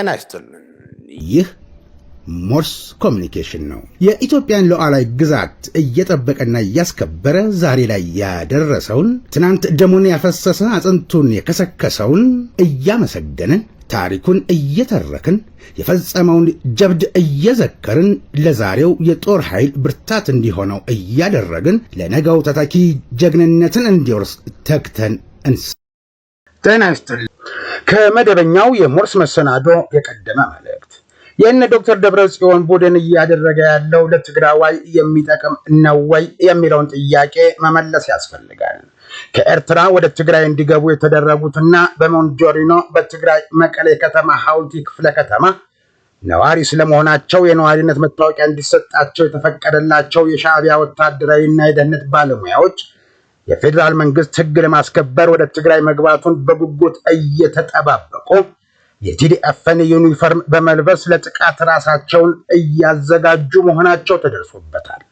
ጤና ይስጥልን። ይህ ሞርስ ኮሚኒኬሽን ነው። የኢትዮጵያን ሉዓላዊ ግዛት እየጠበቀና እያስከበረ ዛሬ ላይ ያደረሰውን ትናንት ደሙን ያፈሰሰ አጥንቱን የከሰከሰውን እያመሰገንን ታሪኩን እየተረክን የፈጸመውን ጀብድ እየዘከርን ለዛሬው የጦር ኃይል ብርታት እንዲሆነው እያደረግን ለነገው ተተኪ ጀግንነትን እንዲወርስ ተግተን እንስ ጤና ይስጥል። ከመደበኛው የሞርስ መሰናዶ የቀደመ መልእክት ይህን ዶክተር ደብረ ጽዮን ቡድን እያደረገ ያለው ለትግራዋይ የሚጠቅም ነው ወይ የሚለውን ጥያቄ መመለስ ያስፈልጋል። ከኤርትራ ወደ ትግራይ እንዲገቡ የተደረጉትና በሞንጆሪኖ በትግራይ መቀሌ ከተማ ሐውልቲ ክፍለ ከተማ ነዋሪ ስለመሆናቸው የነዋሪነት መታወቂያ እንዲሰጣቸው የተፈቀደላቸው የሻዕቢያ ወታደራዊና የደህንነት ባለሙያዎች የፌዴራል መንግስት ህግ ለማስከበር ወደ ትግራይ መግባቱን በጉጉት እየተጠባበቁ የቲዲኤፍን ዩኒፎርም በመልበስ ለጥቃት ራሳቸውን እያዘጋጁ መሆናቸው ተደርሶበታል።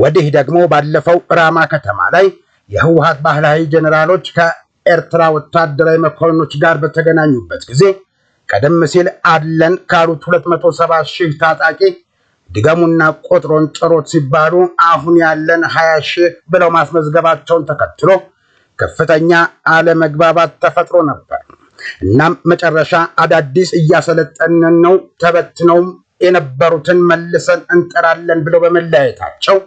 ወዲህ ደግሞ ባለፈው ራማ ከተማ ላይ የህወሀት ባህላዊ ጀኔራሎች ከኤርትራ ወታደራዊ መኮንኖች ጋር በተገናኙበት ጊዜ ቀደም ሲል አለን ካሉት 270 ሺህ ታጣቂ ድገሙና ቆጥሮን ጨሮት ሲባሉ አሁን ያለን ሀያ ሺህ ብለው ማስመዝገባቸውን ተከትሎ ከፍተኛ አለመግባባት ተፈጥሮ ነበር። እናም መጨረሻ አዳዲስ እያሰለጠንን ነው፣ ተበትነውም የነበሩትን መልሰን እንጠራለን ብለው በመለያየታቸው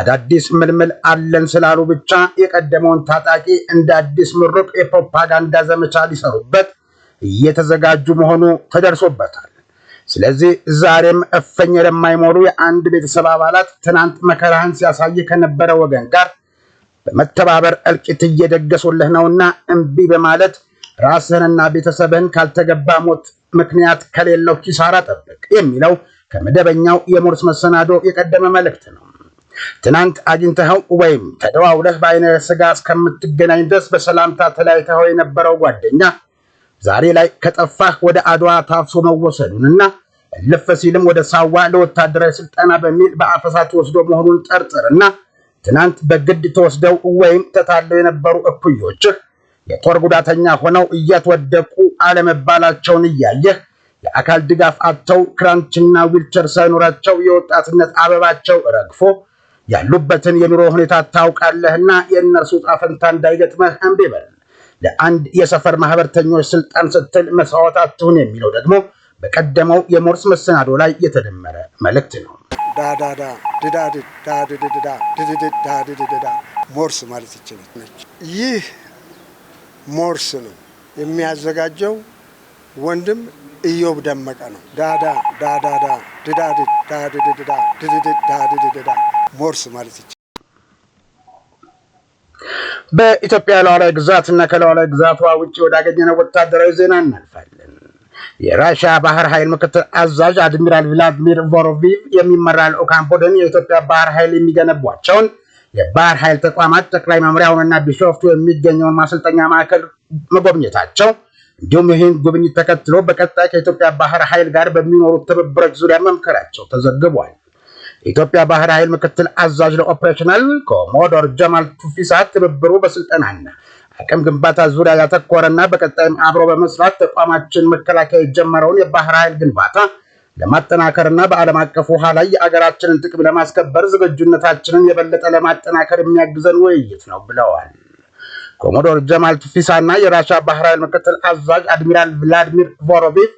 አዳዲስ ምልምል አለን ስላሉ ብቻ የቀደመውን ታጣቂ እንደ አዲስ ምሩቅ የፕሮፓጋንዳ ዘመቻ ሊሰሩበት እየተዘጋጁ መሆኑ ተደርሶበታል። ስለዚህ ዛሬም እፈኝ ለማይሞሩ የአንድ ቤተሰብ አባላት ትናንት መከራህን ሲያሳይ ከነበረ ወገን ጋር በመተባበር እልቂት እየደገሱልህ ነውና እምቢ በማለት ራስህንና ቤተሰብህን ካልተገባ ሞት ምክንያት ከሌለው ኪሳራ ጠብቅ የሚለው ከመደበኛው የሞርስ መሰናዶ የቀደመ መልእክት ነው። ትናንት አግኝተኸው ወይም ተደዋውለህ በአይነ ስጋ እስከምትገናኝ ድረስ በሰላምታ ተለያይተኸው የነበረው ጓደኛ ዛሬ ላይ ከጠፋህ ወደ አድዋ ታፍሶ መወሰዱንና እልፍ ሲልም ወደ ሳዋ ለወታደራዊ ስልጠና በሚል በአፈሳ ተወስዶ መሆኑን ጠርጥርና ትናንት በግድ ተወስደው ወይም ተታለው የነበሩ እኩዮችህ የጦር ጉዳተኛ ሆነው እየተወደቁ አለመባላቸውን እያየህ የአካል ድጋፍ አጥተው ክራንችና ዊልቸር ሳይኖራቸው የወጣትነት አበባቸው ረግፎ ያሉበትን የኑሮ ሁኔታ ታውቃለህና የእነርሱ ጣፈንታ እንዳይገጥመህ እምቢ በል። ለአንድ የሰፈር ማህበርተኞች ስልጣን ስትል መስዋዕት አትሁን የሚለው ደግሞ በቀደመው የሞርስ መሰናዶ ላይ የተደመረ መልእክት ነው። ዳዳዳ ሞርስ ማለት ይችላል ነች። ይህ ሞርስ ነው የሚያዘጋጀው ወንድም እዮብ ደመቀ ነው። ዳዳ ዳዳዳ ድዳድዳ ድድዳ ድድዳ ሞርስ ማለት ይችላል። በኢትዮጵያ ሉዓላዊ ግዛትና ከሉዓላዊ ግዛቷ ውጭ ወዳገኘነው ወታደራዊ ዜና እናልፋለን። የራሽያ ባህር ኃይል ምክትል አዛዥ አድሚራል ቭላድሚር ቮሮቪቭ የሚመራ ልዑካን ቡድን የኢትዮጵያ ባህር ኃይል የሚገነቧቸውን የባህር ኃይል ተቋማት ጠቅላይ መምሪያውንና ቢሾፍቱ የሚገኘውን ማሰልጠኛ ማዕከል መጎብኘታቸው እንዲሁም ይህን ጉብኝት ተከትሎ በቀጣይ ከኢትዮጵያ ባህር ኃይል ጋር በሚኖሩ ትብብሮች ዙሪያ መምከራቸው ተዘግቧል። የኢትዮጵያ ባህር ኃይል ምክትል አዛዥ ለኦፕሬሽናል ኮሞዶር ጀማል ቱፊሳ ትብብሩ በስልጠናና አቅም ግንባታ ዙሪያ ያተኮረና በቀጣይም አብሮ በመስራት ተቋማችን መከላከያ የጀመረውን የባህር ኃይል ግንባታ ለማጠናከርና በዓለም አቀፍ ውሃ ላይ የአገራችንን ጥቅም ለማስከበር ዝግጁነታችንን የበለጠ ለማጠናከር የሚያግዘን ውይይት ነው ብለዋል። ኮሞዶር ጀማል ቱፊሳና የራሻ ባህር ኃይል ምክትል አዛዥ አድሚራል ቭላዲሚር ቮሮቪቭ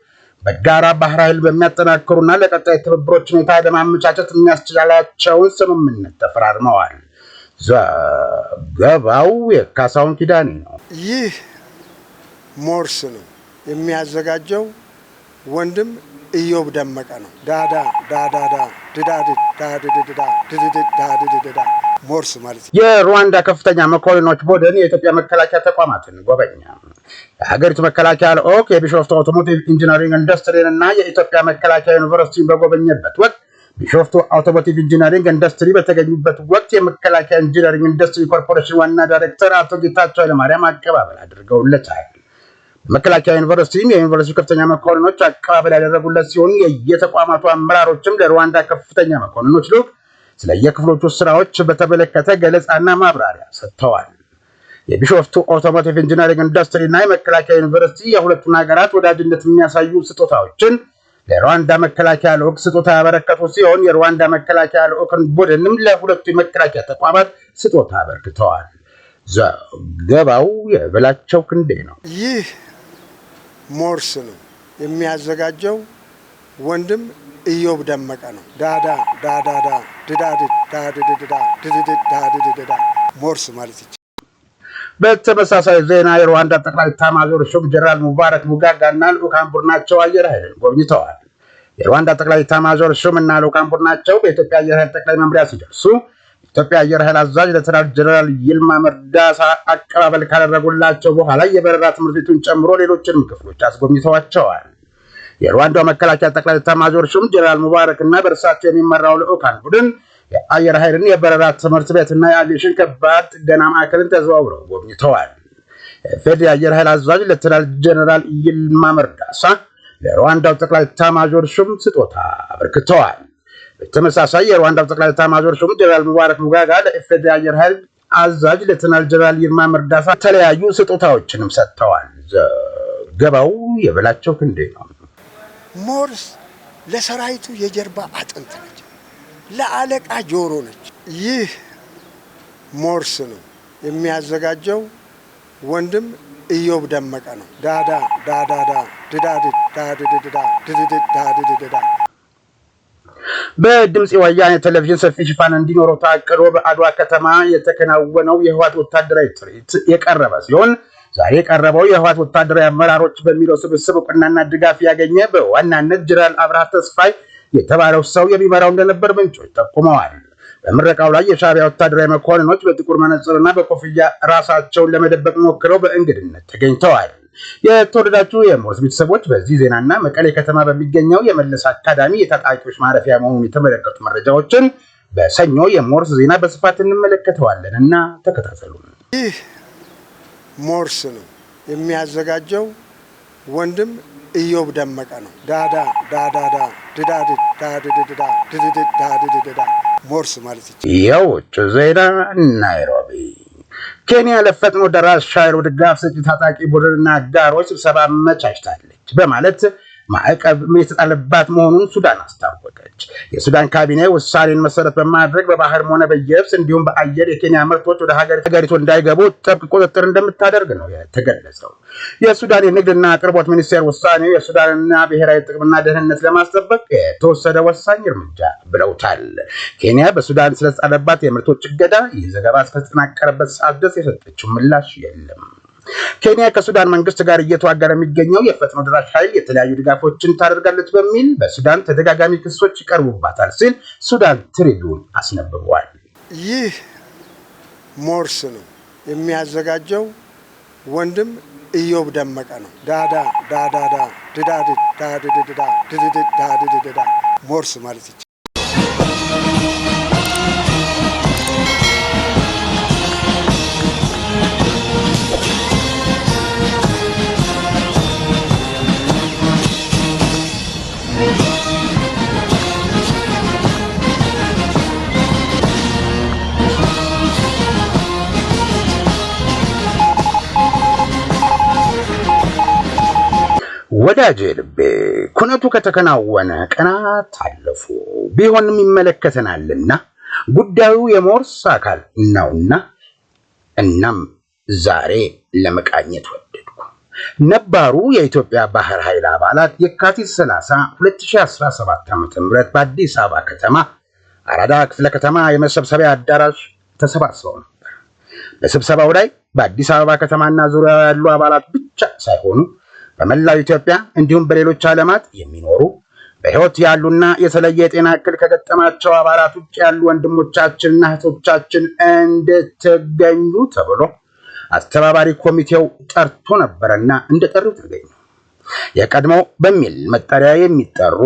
በጋራ ባህር ኃይል በሚያጠናክሩና ለቀጣይ ትብብሮች ሁኔታ ለማመቻቸት የሚያስችላላቸውን ስምምነት ተፈራርመዋል። ዘገባው የካሳውን ኪዳኔ ነው። ይህ ሞርስ ነው የሚያዘጋጀው ወንድም ኢዮብ ደመቀ ነው። ዳዳ ዳዳዳ ድዳድ ሞርስ ማለት የሩዋንዳ ከፍተኛ መኮንኖች ቡድን የኢትዮጵያ መከላከያ ተቋማትን ጎበኛ። የሀገሪቱ መከላከያ ልዑክ የቢሾፍቱ አውቶሞቲቭ ኢንጂነሪንግ ኢንዱስትሪን እና የኢትዮጵያ መከላከያ ዩኒቨርሲቲን በጎበኘበት ወቅት ቢሾፍቱ አውቶሞቲቭ ኢንጂነሪንግ ኢንዱስትሪ በተገኙበት ወቅት የመከላከያ ኢንጂነሪንግ ኢንዱስትሪ ኮርፖሬሽን ዋና ዳይሬክተር አቶ ጌታቸው ኃይለማርያም አቀባበል አድርገውለታል። መከላከያ ዩኒቨርሲቲም የዩኒቨርሲቲ ከፍተኛ መኮንኖች አቀባበል ያደረጉለት ሲሆን የየተቋማቱ አመራሮችም ለሩዋንዳ ከፍተኛ መኮንኖች ልዑክ ስለየክፍሎቹ ስራዎች በተመለከተ ገለጻና ማብራሪያ ሰጥተዋል። የቢሾፍቱ ኦቶሞቲቭ ኢንጂነሪንግ ኢንዱስትሪ እና የመከላከያ ዩኒቨርሲቲ የሁለቱን ሀገራት ወዳጅነት የሚያሳዩ ስጦታዎችን ለሩዋንዳ መከላከያ ልዑክ ስጦታ ያበረከቱ ሲሆን የሩዋንዳ መከላከያ ልዑክን ቡድንም ለሁለቱ የመከላከያ ተቋማት ስጦታ አበርክተዋል። ዘገባው የበላቸው ክንዴ ነው። ይህ ሞርስ ነው የሚያዘጋጀው። ወንድም እዮብ ደመቀ ነው። ዳዳ ዳዳዳ ድዳድድ ዳድድዳ ድድድድ ሞርስ ማለት ይቻላል። በተመሳሳይ ዜና የሩዋንዳ ጠቅላይ ኤታማዦር ሹም ጀነራል ሙባረክ ሙጋጋና ልዑካን ቡድናቸው አየር ኃይልን ጎብኝተዋል። የሩዋንዳ ጠቅላይ ኤታማዦር ሹም እና ልዑካን ቡድናቸው በኢትዮጵያ አየር ኃይል ጠቅላይ መምሪያ ሲደርሱ ኢትዮጵያ አየር ኃይል አዛዥ ለተራድ ጀነራል ይልማ መርዳሳ አቀባበል ካደረጉላቸው በኋላ የበረራ ትምህርት ቤቱን ጨምሮ ሌሎችንም ክፍሎች አስጎብኝተዋቸዋል። የሩዋንዳው መከላከያ ጠቅላይ ኤታማዦር ሹም ጀነራል ሙባረክ እና በእርሳቸው የሚመራው ልዑካን ቡድን የአየር ኃይልን የበረራ ትምህርት ቤት እና የአቪዬሽን ከባድ ጥገና ማዕከልን ተዘዋውረው ጎብኝተዋል። የፌድ የአየር ኃይል አዛዥ ሌተናል ጀነራል ይልማ መርዳሳ ለሩዋንዳው ጠቅላይ ኤታማዦር ሹም ስጦታ አበርክተዋል። ተመሳሳይ የሩዋንዳ ጠቅላይ ኤታማዦር ሹም ጀነራል ሙባረክ ሙጋጋ ለኢፌዴሪ አየር ኃይል አዛዥ ሌተናል ጀነራል ይልማ መርዳሳ የተለያዩ ስጦታዎችንም ሰጥተዋል። ዘገባው የበላቸው ክንዴ ነው። ሞርስ ለሰራዊቱ የጀርባ አጥንት ነች፣ ለአለቃ ጆሮ ነች። ይህ ሞርስ ነው የሚያዘጋጀው። ወንድም እዮብ ደመቀ ነው። ዳዳ ዳዳዳ ድዳድ ዳድድዳ ድድድ ዳድድዳ በድምፅ ወያኔ ቴሌቪዥን ሰፊ ሽፋን እንዲኖረው ታቅዶ በአድዋ ከተማ የተከናወነው የህወሓት ወታደራዊ ትርኢት የቀረበ ሲሆን ዛሬ የቀረበው የህወሓት ወታደራዊ አመራሮች በሚለው ስብስብ እውቅናና ድጋፍ ያገኘ በዋናነት ጀነራል አብርሃ ተስፋይ የተባለው ሰው የሚመራው እንደነበር ምንጮች ጠቁመዋል። በምረቃው ላይ የሻቢያ ወታደራዊ መኮንኖች በጥቁር መነጽርና በኮፍያ ራሳቸውን ለመደበቅ ሞክረው በእንግድነት ተገኝተዋል። የተወደዳችሁ የሞርስ ቤተሰቦች በዚህ ዜናና መቀሌ ከተማ በሚገኘው የመለስ አካዳሚ የታጣቂዎች ማረፊያ መሆኑን የተመለከቱ መረጃዎችን በሰኞ የሞርስ ዜና በስፋት እንመለከተዋለን እና ተከታተሉ። ይህ ሞርስ ነው የሚያዘጋጀው ወንድም እዮብ ደመቀ ነው። ዳዳ ዳዳዳ ድዳድ ሞርስ ማለት ይችላል። የውጭ ዜና ናይሮቢ ኬንያ ለፈጥኖ ደራሽ ሻዕቢያ ድጋፍ ሰጪ ታጣቂ ቡድንና አጋሮች ስብሰባ አመቻችታለች በማለት ማዕቀብ የተጣለባት መሆኑን ሱዳን አስታወቀች። የሱዳን ካቢኔ ውሳኔን መሰረት በማድረግ በባህርም ሆነ በየብስ እንዲሁም በአየር የኬንያ ምርቶች ወደ ሀገሪቱ እንዳይገቡ ጥብቅ ቁጥጥር እንደምታደርግ ነው የተገለጸው። የሱዳን የንግድና አቅርቦት ሚኒስቴር ውሳኔው የሱዳንና ብሔራዊ ጥቅምና ደህንነት ለማስጠበቅ የተወሰደ ወሳኝ እርምጃ ብለውታል። ኬንያ በሱዳን ስለተጣለባት የምርቶች እገዳ ይህ ዘገባ እስከተጠናቀረበት ሰዓት ድረስ የሰጠችው ምላሽ የለም። ኬንያ ከሱዳን መንግስት ጋር እየተዋጋ የሚገኘው የፈጥኖ ደራሽ ኃይል የተለያዩ ድጋፎችን ታደርጋለች በሚል በሱዳን ተደጋጋሚ ክሶች ይቀርቡባታል ሲል ሱዳን ትሪቢዩን አስነብቧል። ይህ ሞርስ ነው የሚያዘጋጀው ወንድም እዮብ ደመቀ ነው። ዳዳ ዳዳዳ ድዳድ ዳድድዳ ድድድ ዳድድዳ ሞርስ ማለት ይቻላል። ወዳጄ ልቤ ኩነቱ ከተከናወነ ቀናት አለፉ። ቢሆንም ይመለከተናልና ጉዳዩ የሞርስ አካል ነውና፣ እናም ዛሬ ለመቃኘት ወደድኩ። ነባሩ የኢትዮጵያ ባህር ኃይል አባላት የካቲት 30 2017 ዓ.ም በአዲስ አበባ ከተማ አራዳ ክፍለ ከተማ የመሰብሰቢያ አዳራሽ ተሰባስበው ነበር። በስብሰባው ላይ በአዲስ አበባ ከተማና ዙሪያ ያሉ አባላት ብቻ ሳይሆኑ በመላው ኢትዮጵያ እንዲሁም በሌሎች ዓለማት የሚኖሩ በሕይወት ያሉና የተለየ የጤና እክል ከገጠማቸው አባላት ውጭ ያሉ ወንድሞቻችንና እህቶቻችን እንድትገኙ ተብሎ አስተባባሪ ኮሚቴው ጠርቶ ነበረና እንደ ጠሪው ተገኙ። የቀድሞ በሚል መጠሪያ የሚጠሩ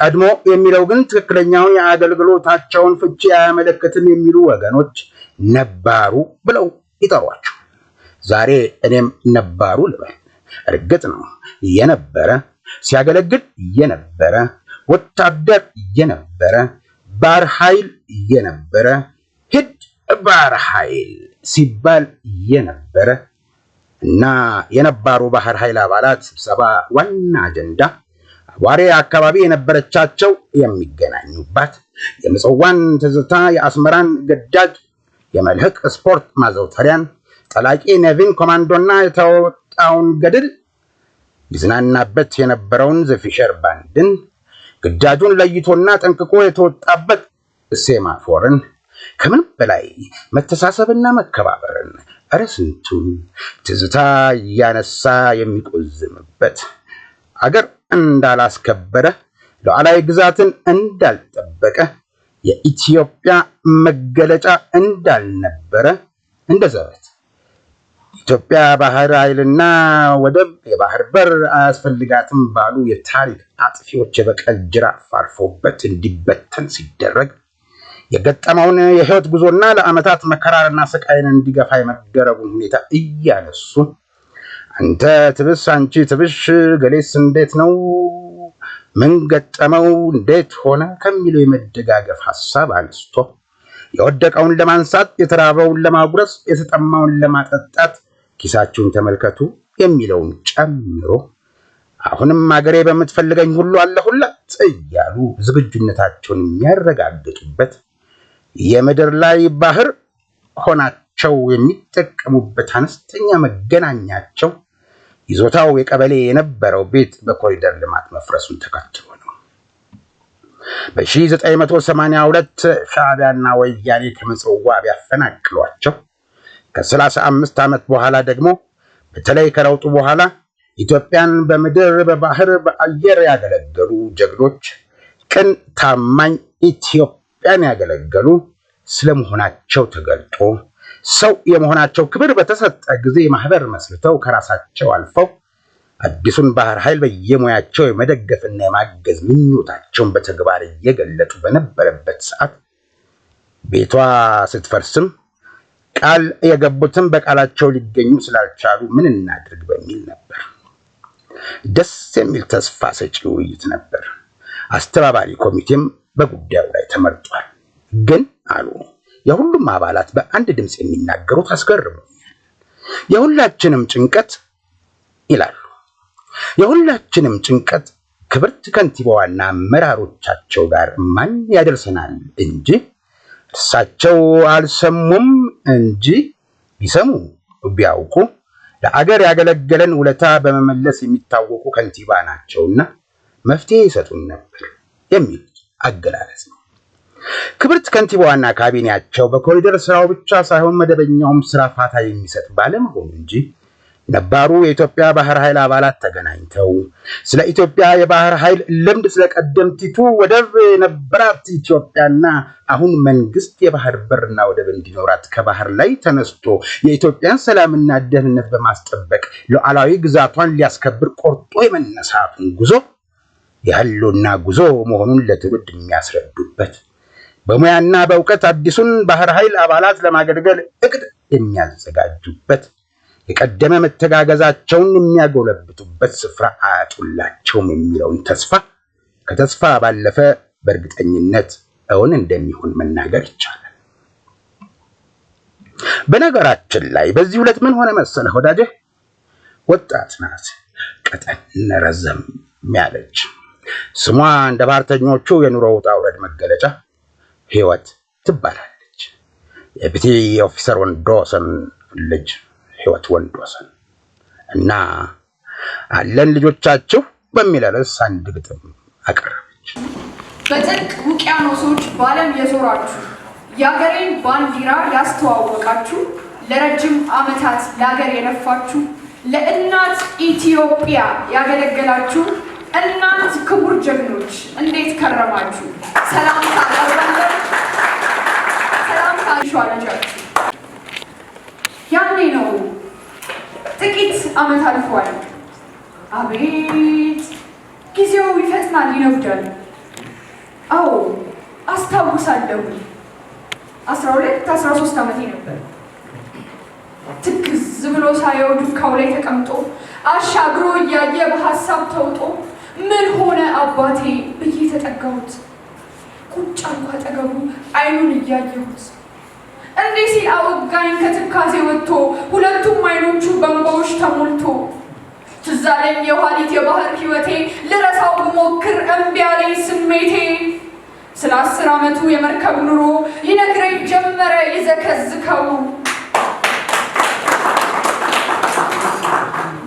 ቀድሞ የሚለው ግን ትክክለኛውን የአገልግሎታቸውን ፍቺ አያመለክትም የሚሉ ወገኖች ነባሩ ብለው ይጠሯቸው። ዛሬ እኔም ነባሩ ልበል። እርግጥ ነው የነበረ ሲያገለግል የነበረ ወታደር የነበረ ባህር ኃይል የነበረ ሂድ ባህር ኃይል ሲባል የነበረ እና የነባሩ ባህር ኃይል አባላት ስብሰባ ዋና አጀንዳ ዋሬ አካባቢ የነበረቻቸው የሚገናኙባት የምጽዋን ትዝታ፣ የአስመራን ግዳጅ፣ የመልህቅ ስፖርት ማዘውተሪያን፣ ጠላቂ ኔቪን ኮማንዶና የመጣውን ገድል ይዝናናበት የነበረውን ዘፊሸር ባንድን ግዳጁን ለይቶና ጠንቅቆ የተወጣበት ሴማፎርን ከምን በላይ መተሳሰብና መከባበርን እረ ስንቱን ትዝታ እያነሳ የሚቆዝምበት አገር እንዳላስከበረ ሉዓላዊ ግዛትን እንዳልጠበቀ የኢትዮጵያ መገለጫ እንዳልነበረ እንደ ዘበት ኢትዮጵያ ባህር ኃይልና ወደብ የባህር በር አያስፈልጋትም ባሉ የታሪክ አጥፊዎች የበቀል ጅራፍ አርፎበት እንዲበተን ሲደረግ የገጠመውን የህይወት ጉዞና ለአመታት መከራርና ስቃይን እንዲገፋ የመደረጉን ሁኔታ እያነሱ አንተ ትብስ፣ አንቺ ትብሽ፣ ገሌስ እንዴት ነው ምን ገጠመው እንዴት ሆነ ከሚለው የመደጋገፍ ሀሳብ አነስቶ የወደቀውን ለማንሳት የተራበውን ለማጉረስ የተጠማውን ለማጠጣት ኪሳችሁን ተመልከቱ የሚለውን ጨምሮ አሁንም አገሬ በምትፈልገኝ ሁሉ አለሁላት እያሉ ዝግጁነታቸውን የሚያረጋግጡበት የምድር ላይ ባህር ሆናቸው የሚጠቀሙበት አነስተኛ መገናኛቸው ይዞታው የቀበሌ የነበረው ቤት በኮሪደር ልማት መፍረሱን ተከትሎ ነው። በ1982 ሻዕቢያና ወያኔ ከምጽዋ ቢያፈናቅሏቸው ከሰላሳ አምስት ዓመት በኋላ ደግሞ በተለይ ከለውጡ በኋላ ኢትዮጵያን በምድር በባህር በአየር ያገለገሉ ጀግኖች ቅን ታማኝ ኢትዮጵያን ያገለገሉ ስለመሆናቸው ተገልጦ ሰው የመሆናቸው ክብር በተሰጠ ጊዜ ማህበር መስርተው ከራሳቸው አልፈው አዲሱን ባህር ኃይል በየሙያቸው የመደገፍና የማገዝ ምኞታቸውን በተግባር እየገለጡ በነበረበት ሰዓት ቤቷ ስትፈርስም ቃል የገቡትን በቃላቸው ሊገኙ ስላልቻሉ ምን እናድርግ በሚል ነበር። ደስ የሚል ተስፋ ሰጪ ውይይት ነበር። አስተባባሪ ኮሚቴም በጉዳዩ ላይ ተመርጧል። ግን አሉ የሁሉም አባላት በአንድ ድምፅ የሚናገሩት አስገርሞኛል። የሁላችንም ጭንቀት ይላሉ የሁላችንም ጭንቀት ክብርት ከንቲባዋና አመራሮቻቸው ጋር ማን ያደርሰናል እንጂ እሳቸው አልሰሙም እንጂ ቢሰሙ ቢያውቁ ለአገር ያገለገለን ውለታ በመመለስ የሚታወቁ ከንቲባ ናቸውና መፍትሄ ይሰጡን ነበር የሚል አገላለጽ ነው። ክብርት ከንቲባዋና ካቢኔያቸው በኮሪደር ስራው ብቻ ሳይሆን መደበኛውም ስራ ፋታ የሚሰጥ ባለመሆኑ እንጂ ነባሩ የኢትዮጵያ ባህር ኃይል አባላት ተገናኝተው ስለ ኢትዮጵያ የባህር ኃይል ልምድ፣ ስለ ቀደምቲቱ ወደብ የነበራት ኢትዮጵያና አሁን መንግስት የባህር በርና ወደብ እንዲኖራት ከባህር ላይ ተነስቶ የኢትዮጵያን ሰላምና ደህንነት በማስጠበቅ ሉዓላዊ ግዛቷን ሊያስከብር ቆርጦ የመነሳቱን ጉዞ የህልውና ጉዞ መሆኑን ለትውልድ የሚያስረዱበት በሙያና በእውቀት አዲሱን ባህር ኃይል አባላት ለማገልገል እቅድ የሚያዘጋጁበት የቀደመ መተጋገዛቸውን የሚያጎለብቱበት ስፍራ አያጡላቸውም የሚለውን ተስፋ ከተስፋ ባለፈ በእርግጠኝነት እውን እንደሚሆን መናገር ይቻላል። በነገራችን ላይ በዚህ ሁለት ምን ሆነ መሰለህ ወዳጄ፣ ወጣት ናት፣ ቀጠን ረዘም ያለች ስሟ እንደ ባህርተኞቹ የኑሮ ውጣ ውረድ መገለጫ ህይወት ትባላለች። የፒቲ ኦፊሰር ወንዶሰን ልጅ ህይወት ወንዶሰን እና አለን ልጆቻችሁ በሚል ርዕስ አንድ ግጥም አቀረበች። በጥልቅ ውቅያኖሶች በዓለም የዞራችሁ የአገሬን ባንዲራ ያስተዋወቃችሁ ለረጅም ዓመታት ለአገር የነፋችሁ ለእናት ኢትዮጵያ ያገለገላችሁ እናንት ክቡር ጀግኖች እንዴት ከረማችሁ? ሰላም ልጃችሁ ያኔ ነው ጥቂት ዓመት አልፈዋል። አቤት ጊዜው ይፈጥናል ይነጉዳል። አዎ አስታውሳለሁ። አስራ ሁለት አስራ ሶስት ዓመቴ ነበር። ትክዝ ብሎ ሳየው ዱካው ላይ ተቀምጦ አሻግሮ እያየ በሀሳብ ተውጦ ምን ሆነ አባቴ ብዬ ተጠጋሁት። ቁጭ አልኩ አጠገቡ አይኑን እያየሁት እንዲህ ሲል አወጋኝ ከትካዜ ወጥቶ ሁለቱም አይኖቹ በእንባዎች ተሞልቶ ትዛሬም የኋሊት የባህር ህይወቴ ልረሳው ብሞክር እምቢ አለኝ ስሜቴ ስለ አስር ዓመቱ የመርከብ ኑሮ ይነግረኝ ጀመረ ይዘከዝከው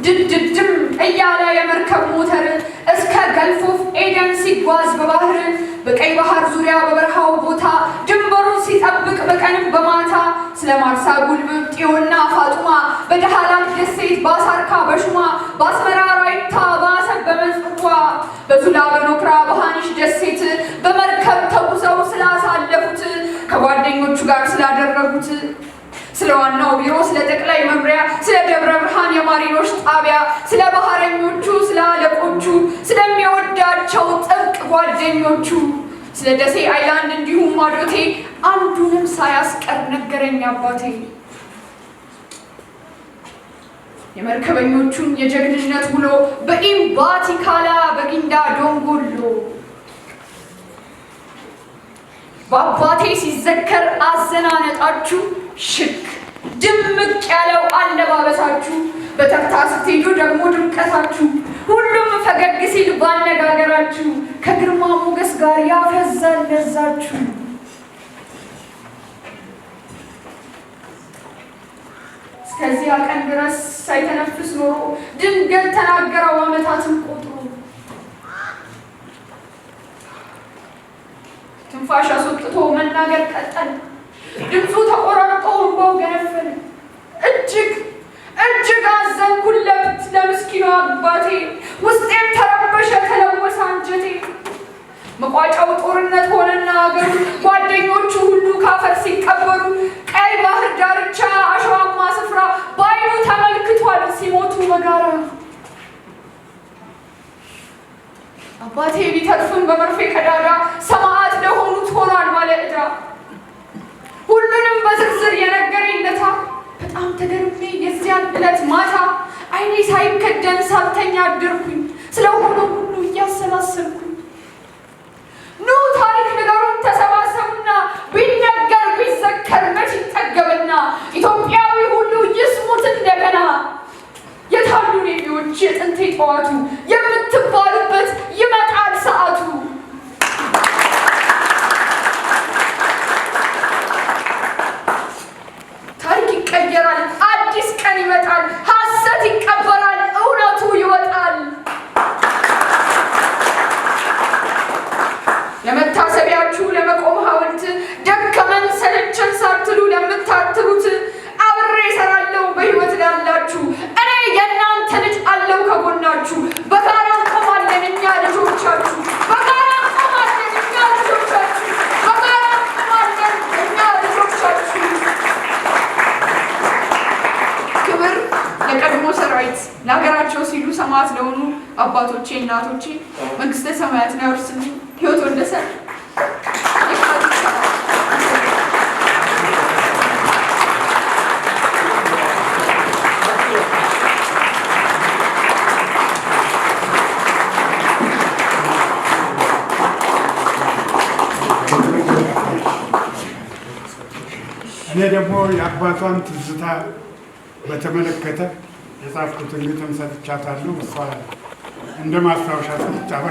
ድድድም እያለ የመርከብ ሞተር እስከ ገልፎፍ ኤደን ሲጓዝ በባህር በቀይ ባህር ዙሪያ በበረሃው ቦታ ሲጠብቅ በቀንም በማታ ስለ ማርሳ ጉልብብ፣ ጤዮና ፋጡማ፣ በደሃላት ደሴት፣ በአሳርካ በሹማ፣ በአስመራ ራይታ፣ በአሰብ በመጽዋ፣ በዙላ በኖክራ በሃኒሽ ደሴት በመርከብ ተጉዘው ስላሳለፉት ከጓደኞቹ ጋር ስላደረጉት ስለ ዋናው ቢሮ፣ ስለ ጠቅላይ መምሪያ፣ ስለ ደብረ ብርሃን የማሪኖች ጣቢያ፣ ስለ ባህረኞቹ፣ ስለ አለቆቹ፣ ስለሚወዳቸው ጥብቅ ጓደኞቹ ስለ ደሴ አይላንድ እንዲሁም ማዶቴ አንዱንም ሳያስቀር ነገረኝ አባቴ። የመርከበኞቹን የጀግንነት ውሎ በኢምባቲካላ በጊንዳ ዶንጎሎ በአባቴ ሲዘከር አዘናነጣችሁ ሽክ ድምቅ ያለው አለባበሳችሁ በተርታ ስትሄዱ ደግሞ ድምቀታችሁ ሁሉም ፈገግ ሲል ባነጋገራችሁ ከግርማ ሞገስ ጋር ያፈዛል ለዛችሁ። እስከዚያ ቀን ድረስ ሳይተነፍስ ኖሮ ድንገት ተናገረው ዓመታትን ቆጥሮ ትንፋሽ አስወጥቶ መናገር ቀጠል ድምፁ ተቆራርጦ እንባው ገነፈል። እጅግ እጅግ አዘንኩለት ለምስኪኑ አባት መቋጫው ጦርነት ሆነና ሀገሩ ጓደኞቹ ሁሉ ካፈር ሲቀበሩ ቀይ ባህር ዳርቻ አሸዋማ ስፍራ በአይኑ ተመልክቷል ሲሞቱ በጋራ። አባቴ ቢተርፍም በመርፌ ቀዳዳ ሰማዕት ለሆኑት ሆኗል ባለ ዕዳ ሁሉንም በዝርዝር የነገረኝ ለታ በጣም ተገርሜ የዚያን ዕለት ማታ አይኔ ሳይከደን ሳልተኛ አደርኩኝ ስለሆነ ሁሉ እያሰላሰልኩ s a y አባቶቼ፣ እናቶቼ መንግስተ ሰማያት ሰማያትን ያወርስን ህይወት ወደሰ እኔ ደግሞ የአባቷን ትዝታ በተመለከተ የጻፍኩትን ግጥም ሰጥቻታለሁ። እሷ እንደ ማስታወሻ ይችላል።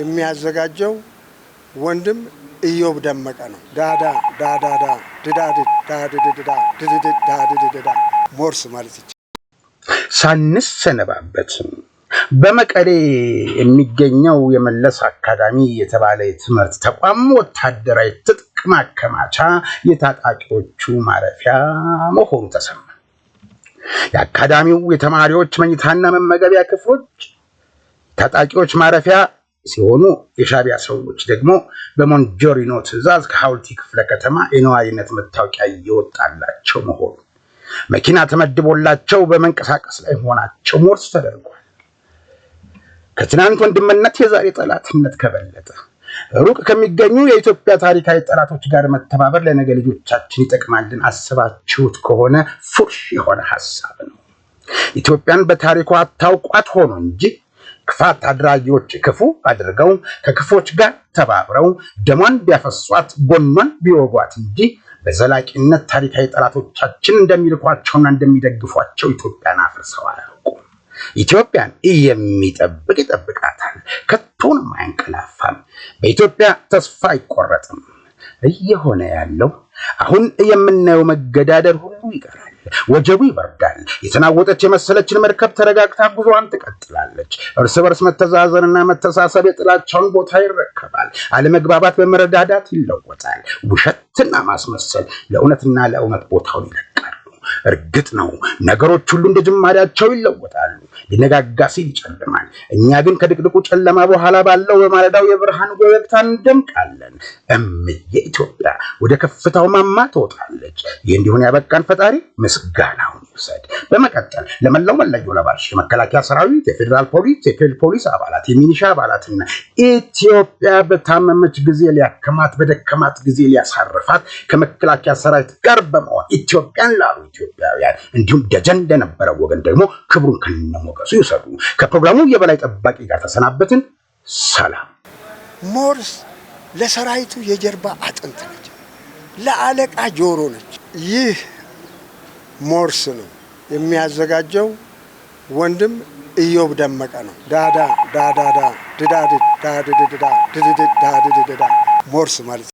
የሚያዘጋጀው ወንድም ኢዮብ ደመቀ ነው። ዳዳ ዳዳዳ ድዳድድ ሞርስ ማለት ይቻላል። ሳንሰነባበትም በመቀሌ የሚገኘው የመለስ አካዳሚ የተባለ የትምህርት ተቋም ወታደራዊ ትጥቅ ማከማቻ የታጣቂዎቹ ማረፊያ መሆኑ ተሰማ። የአካዳሚው የተማሪዎች መኝታና መመገቢያ ክፍሎች ታጣቂዎች ማረፊያ ሲሆኑ የሻቢያ ሰዎች ደግሞ በሞንጆሪኖ ትዕዛዝ ከሐውልቲ ክፍለ ከተማ የነዋሪነት መታወቂያ እየወጣላቸው መሆኑ መኪና ተመድቦላቸው በመንቀሳቀስ ላይ መሆናቸው ሞርስ ተደርጓል። ከትናንት ወንድምነት የዛሬ ጠላትነት ከበለጠ ሩቅ ከሚገኙ የኢትዮጵያ ታሪካዊ ጠላቶች ጋር መተባበር ለነገ ልጆቻችን ይጠቅማልን አስባችሁት ከሆነ ፉርሽ የሆነ ሀሳብ ነው። ኢትዮጵያን በታሪኳ አታውቋት ሆኖ እንጂ ክፋት አድራጊዎች ክፉ አድርገው ከክፎች ጋር ተባብረው ደሟን ቢያፈሷት ጎኗን ቢወጓት እንጂ በዘላቂነት ታሪካዊ ጠላቶቻችን እንደሚልኳቸውና እንደሚደግፏቸው ኢትዮጵያን አፍርሰው አያውቁም። ኢትዮጵያን የሚጠብቅ ይጠብቃታል፣ ከቶንም አያንቀላፋም። በኢትዮጵያ ተስፋ አይቆረጥም። እየሆነ ያለው አሁን የምናየው መገዳደር ሁሉ ይቀራል። ወጀቡ ይበርዳል። የተናወጠች የመሰለችን መርከብ ተረጋግታ ጉዞዋን ትቀጥላለች። እርስ በርስ መተዛዘንና መተሳሰብ የጥላቻውን ቦታ ይረከባል። አለመግባባት በመረዳዳት ይለወጣል። ውሸትና ማስመሰል ለእውነትና ለእውነት ቦታውን ይለቃሉ። እርግጥ ነው ነገሮች ሁሉ እንደ ጅማሪያቸው ይለወጣሉ። ሊነጋጋ ሲል ይጨልማል። እኛ ግን ከድቅድቁ ጨለማ በኋላ ባለው በማለዳው የብርሃን ጎለግታ እንደምቃለን። እምዬ ኢትዮጵያ ወደ ከፍታው ማማ ትወጣለች። ይህ እንዲሆን ያበቃን ፈጣሪ ምስጋናውን ይውሰድ። በመቀጠል ለመላው መለዮ ለባሽ የመከላከያ ሰራዊት፣ የፌዴራል ፖሊስ፣ የክልል ፖሊስ አባላት፣ የሚኒሻ አባላትና ኢትዮጵያ በታመመች ጊዜ ሊያከማት በደከማት ጊዜ ሊያሳርፋት ከመከላከያ ሰራዊት ጋር በመሆን ኢትዮጵያን ላሉ ኢትዮጵያውያን እንዲሁም ደጀን ለነበረው ወገን ደግሞ ክብሩን ከነሞቀ ይጠቀሱ ይውሰዱ። ከፕሮግራሙ የበላይ ጠባቂ ጋር ተሰናበትን። ሰላም። ሞርስ ለሰራዊቱ የጀርባ አጥንት ነች፣ ለአለቃ ጆሮ ነች። ይህ ሞርስ ነው። የሚያዘጋጀው ወንድም እዮብ ደመቀ ነው። ዳዳ ዳዳዳ ድዳድ ዳድድዳ ድድድ ዳድድዳ ሞርስ ማለት